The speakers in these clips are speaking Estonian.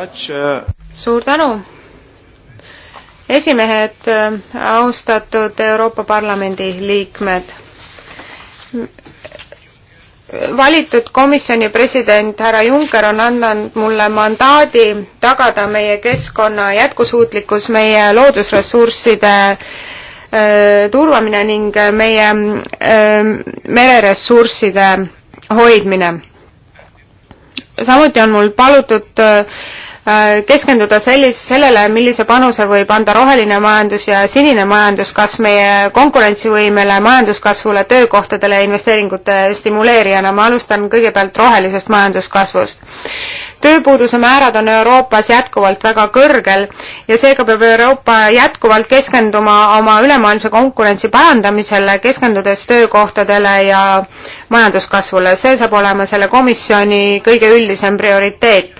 Uh, suur tänu! esimehed, äh, austatud Euroopa Parlamendi liikmed! valitud komisjoni president härra Juncker on andnud mulle mandaadi tagada meie keskkonna jätkusuutlikkus, meie loodusressursside äh, turvamine ning meie äh, mereressursside hoidmine. samuti on mul palutud äh, Äh, keskenduda sellis-, sellele, millise panuse võib anda roheline majandus ja sinine majandus, kas meie konkurentsivõimele, majanduskasvule, töökohtadele ja investeeringute stimuleerijana, ma alustan kõigepealt rohelisest majanduskasvust. tööpuuduse määrad on Euroopas jätkuvalt väga kõrgel ja seega peab Euroopa jätkuvalt keskenduma oma ülemaailmse konkurentsi parandamisele, keskendudes töökohtadele ja majanduskasvule, see saab olema selle komisjoni kõige üldisem prioriteet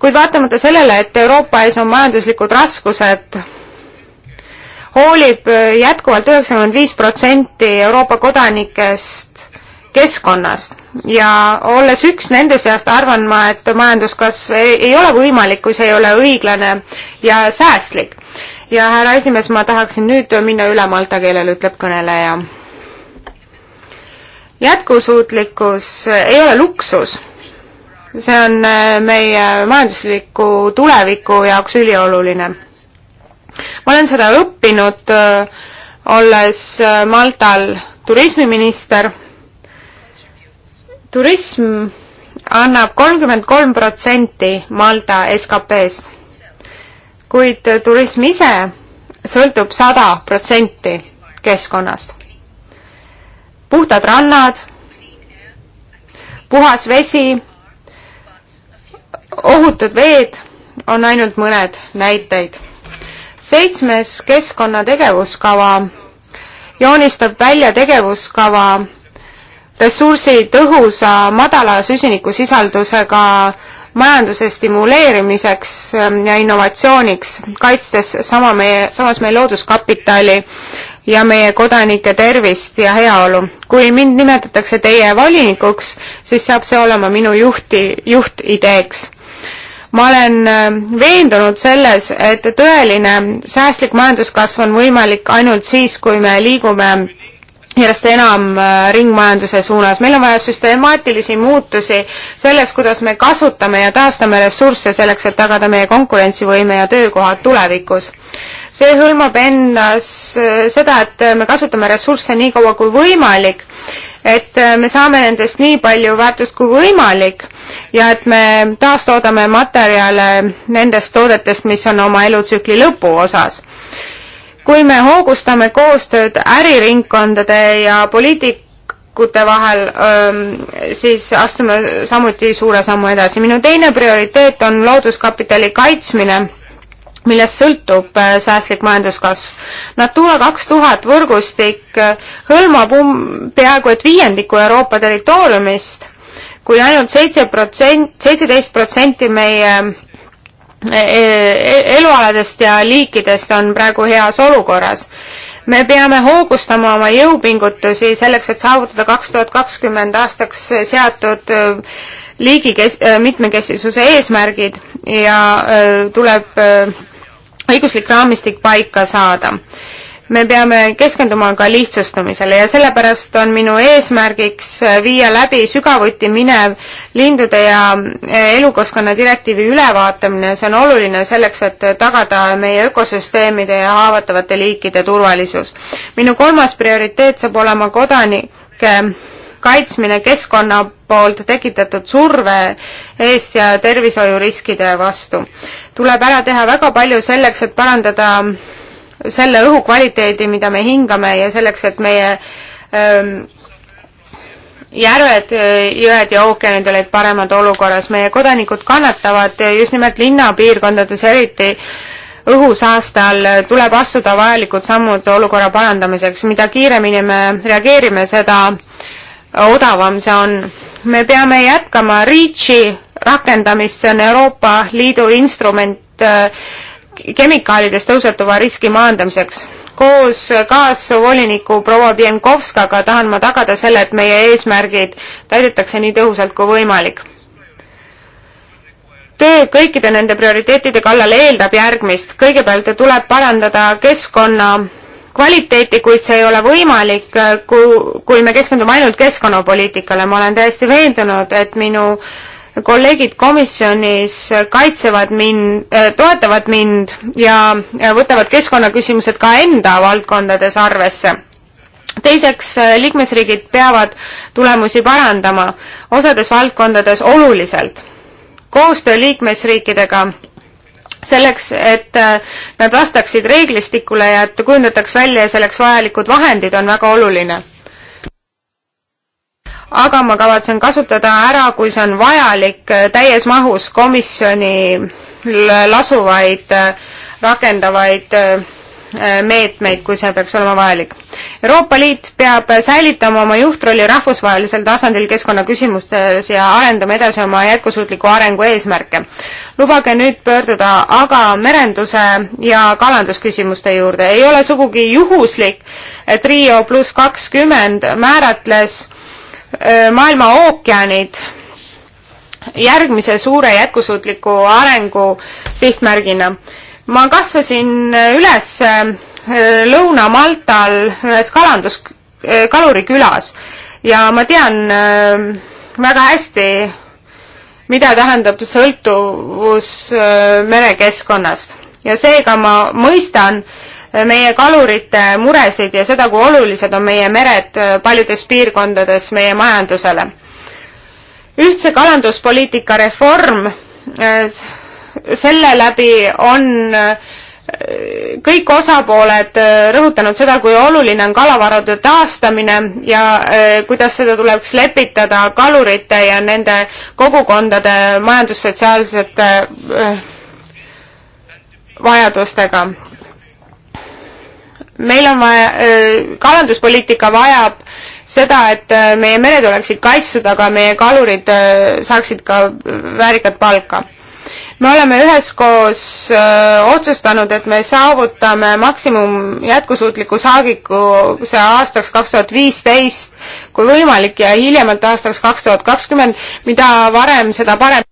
kuid vaatamata sellele, et Euroopa ees on majanduslikud raskused, hoolib äh, jätkuvalt üheksakümmend viis protsenti Euroopa kodanikest keskkonnast ja olles üks nende seast, arvan ma, et majanduskasv ei, ei ole võimalik, kui see ei ole õiglane ja säästlik. ja härra esimees, ma tahaksin nüüd minna üle malta keelele, ütleb kõneleja jätkusuutlikkus ei ole luksus, see on äh, meie majandusliku tuleviku jaoks ülioluline. ma olen seda õppinud, äh, olles äh, Maltal turismiminister. turism annab kolmkümmend kolm protsenti Malta SKP-st, kuid turism ise sõltub sada protsenti keskkonnast. puhtad rannad, puhas vesi ohutud veed on ainult mõned näiteid. seitsmes keskkonnategevuskava joonistab välja tegevuskava ressursitõhusa madala süsinikusisaldusega majanduse stimuleerimiseks ähm, ja innovatsiooniks, kaitstes sama meie, samas meie looduskapitali ja meie kodanike tervist ja heaolu. kui mind nimetatakse teie volinikuks, siis saab see olema minu juhti, juhtideeks ma olen äh, veendunud selles, et tõeline säästlik majanduskasv on võimalik ainult siis, kui me liigume järjest enam äh, ringmajanduse suunas. meil on vaja süstemaatilisi muutusi selles, kuidas me kasutame ja taastame ressursse selleks, et tagada meie konkurentsivõime ja töökohad tulevikus. see hõlmab endas äh, seda, et me kasutame ressursse nii kaua kui võimalik, et me saame nendest nii palju väärtust kui võimalik ja et me taastoodame materjale nendest toodetest, mis on oma elutsükli lõpuosas. kui me hoogustame koostööd äriringkondade ja poliitikute vahel, siis astume samuti suure sammu edasi. minu teine prioriteet on looduskapitali kaitsmine millest sõltub säästlik majanduskasv. Natura kaks tuhat võrgustik hõlmab um-, peaaegu et viiendiku Euroopa territooriumist kui ainult seitse protsent, seitseteist protsenti meie e, e, elualadest ja liikidest on praegu heas olukorras. me peame hoogustama oma jõupingutusi selleks, et saavutada kaks tuhat kakskümmend aastaks seatud e, liigi kes-, mitmekesisuse eesmärgid ja tuleb õiguslik raamistik paika saada me peame keskenduma ka lihtsustumisele ja sellepärast on minu eesmärgiks äh, viia läbi sügavuti minev lindude ja äh, elukeskkonna direktiivi ülevaatamine, see on oluline selleks, et tagada meie ökosüsteemide ja haavatavate liikide turvalisus. minu kolmas prioriteet saab olema kodanike kaitsmine keskkonna poolt tekitatud surve eest ja tervishoiuriskide vastu. tuleb ära teha väga palju selleks, et parandada selle õhukvaliteedi, mida me hingame ja selleks, et meie ähm, järved, äh, jõed ja ookeanid olid paremad olukorras. meie kodanikud kannatavad just nimelt linnapiirkondades eriti õhusaaste all, tuleb astuda vajalikud sammud olukorra parandamiseks. mida kiiremini me reageerime, seda odavam see on. me peame jätkama REACH-i rakendamist, see on Euroopa Liidu instrument äh, kemikaalidest tõusetuva riski maandamiseks. koos kaasvoliniku proua Pienkovskaga tahan ma tagada selle, et meie eesmärgid täidetakse nii tõhusalt kui võimalik. töö kõikide nende prioriteetide kallal eeldab järgmist. kõigepealt tuleb parandada keskkonna kvaliteeti, kuid see ei ole võimalik, kui, kui me keskendume ainult keskkonnapoliitikale. ma olen täiesti veendunud, et minu äh, kolleegid komisjonis kaitsevad mind, äh, toetavad mind ja äh, võtavad keskkonnaküsimused ka enda valdkondades arvesse teiseks, äh, liikmesriigid peavad tulemusi parandama osades valdkondades oluliselt. koostöö liikmesriikidega selleks, et nad vastaksid reeglistikule ja et kujundataks välja selleks vajalikud vahendid, on väga oluline aga ma kavatsen kasutada ära, kui see on vajalik, äh, täies mahus komisjoni lasuvaid äh, rakendavaid äh, meetmeid, kui see peaks olema vajalik. Euroopa Liit peab säilitama oma juhtrolli rahvusvahelisel tasandil keskkonnaküsimustes ja arendama edasi oma jätkusuutliku arengu eesmärke. lubage nüüd pöörduda aga merenduse ja kalandusküsimuste juurde. ei ole sugugi juhuslik, et Rio pluss kakskümmend määratles maailma ookeanid järgmise suure jätkusuutliku arengu sihtmärgina. ma kasvasin üles Lõuna-Maltal ühes kalandus, kalurikülas ja ma tean väga hästi, mida tähendab sõltuvus merekeskkonnast ja seega ma mõistan, meie kalurite muresid ja seda, kui olulised on meie mered äh, paljudes piirkondades meie majandusele. ühtse kalanduspoliitika reform, äh, selle läbi on äh, kõik osapooled rõhutanud seda, kui oluline on kalavarade taastamine ja kuidas seda tuleks lepitada kalurite ja nende kogukondade majandussotsiaalsete vajadustega meil on vaja, kalanduspoliitika vajab seda, et meie mered oleksid kaitstud, aga meie kalurid saaksid ka väärikat palka. me oleme üheskoos öö, otsustanud, et me saavutame maksimum jätkusuutliku saagikuse aastaks kaks tuhat viisteist, kui võimalik, ja hiljemalt aastaks kaks tuhat kakskümmend, mida varem, seda parem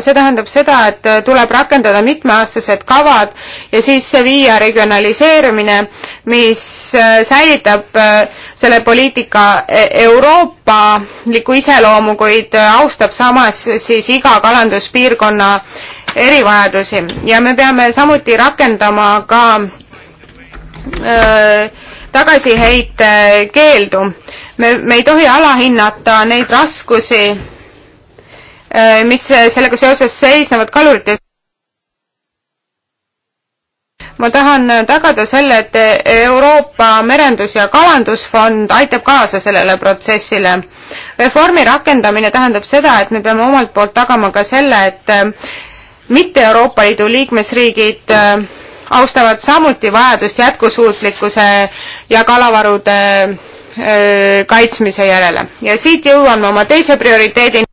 see tähendab seda, et äh, tuleb rakendada mitmeaastased kavad ja sisse viia regionaliseerimine, mis äh, säilitab äh, selle poliitika e, euroopaliku iseloomu, kuid austab samas siis iga kalanduspiirkonna erivajadusi ja me peame samuti rakendama ka öö, tagasiheite keeldu. me, me ei tohi alahinnata neid raskusi, Äh, mis äh, sellega seoses seisnevad kalurite ma tahan äh, tagada selle, et Euroopa Merendus- ja Kalandusfond aitab kaasa sellele protsessile. reformi rakendamine tähendab seda, et me peame omalt poolt tagama ka selle, et mitte Euroopa Liidu liikmesriigid austavad samuti vajadust jätkusuutlikkuse ja kalavarude kaitsmise järele. ja siit jõuan oma teise prioriteedini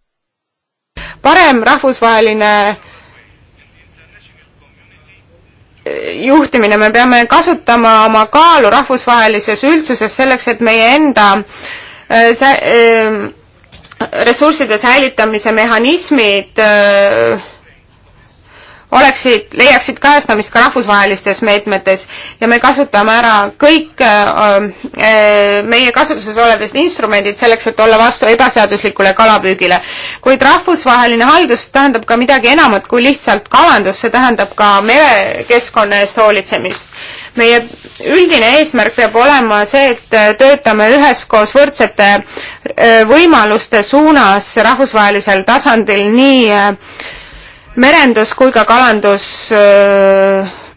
parem rahvusvaheline eh, juhtimine, me peame kasutama oma kaalu rahvusvahelises üldsuses selleks, et meie enda eh, see, eh, ressursside säilitamise mehhanismid öö, oleksid, leiaksid kajastamist ka rahvusvahelistes meetmetes ja me kasutame ära kõik äh, äh meie kasutuses olevad instrumendid selleks, et olla vastu ebaseaduslikule kalapüügile. kuid rahvusvaheline haldus tähendab ka midagi enamat kui lihtsalt kalandus, see tähendab ka merekeskkonna eest hoolitsemist. meie üldine eesmärk peab olema see, et töötame üheskoos võrdsete äh, võimaluste suunas rahvusvahelisel tasandil nii äh, merendus kui ka kalandus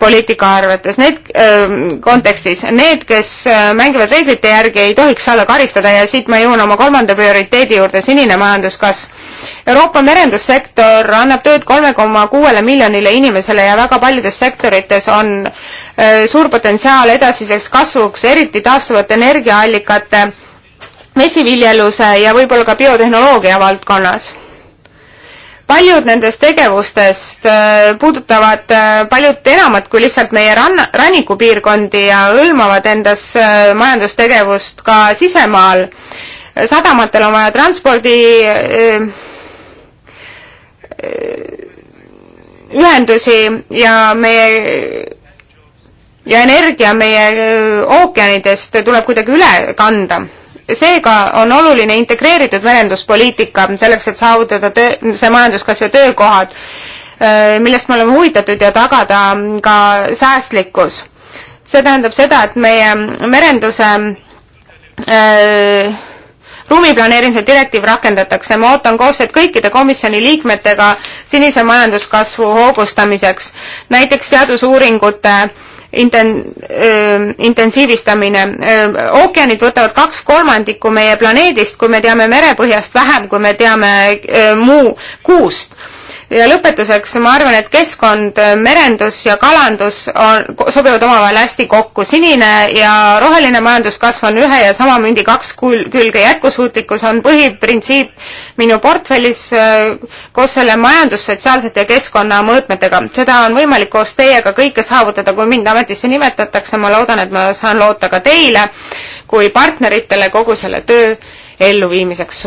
poliitika arvates, need öö, kontekstis, need, kes mängivad reeglite järgi, ei tohiks saada karistada ja siit ma jõuan oma kolmanda prioriteedi juurde, sinine majanduskasv. Euroopa merendussektor annab tööd kolme koma kuuele miljonile inimesele ja väga paljudes sektorites on öö, suur potentsiaal edasiseks kasvuks, eriti taastuvate energiaallikate, vesiviljeluse ja võib-olla ka biotehnoloogia valdkonnas paljud nendest tegevustest äh, puudutavad äh, paljut enamat kui lihtsalt meie ranna, rannikupiirkondi ja hõlmavad endas äh, majandustegevust ka sisemaal. sadamatel on vaja transpordi ühendusi ja meie ja energia meie ookeanidest tuleb kuidagi üle kanda seega on oluline integreeritud merenduspoliitika selleks, et saavutada töö, see majanduskasv ja töökohad, äh, millest me oleme huvitatud ja tagada ka säästlikkus. see tähendab seda, et meie merenduse äh, ruumiplaneerimise direktiiv rakendatakse. ma ootan koostööd kõikide komisjoni liikmetega sinise majanduskasvu hoogustamiseks, näiteks teadusuuringute inten-, intensiivistamine. ookeanid võtavad kaks kolmandikku meie planeedist, kui me teame merepõhjast vähem, kui me teame muu kuust ja lõpetuseks ma arvan, et keskkond, merendus ja kalandus on, sobivad omavahel hästi kokku. sinine ja roheline majanduskasv on ühe ja sama mündi kaks külge. jätkusuutlikkus on põhiprintsiip minu portfellis äh, koos selle majandus, sotsiaalsete ja keskkonnamõõtmetega. seda on võimalik koos teiega kõike saavutada, kui mind ametisse nimetatakse. ma loodan, et ma saan loota ka teile kui partneritele kogu selle töö elluviimiseks.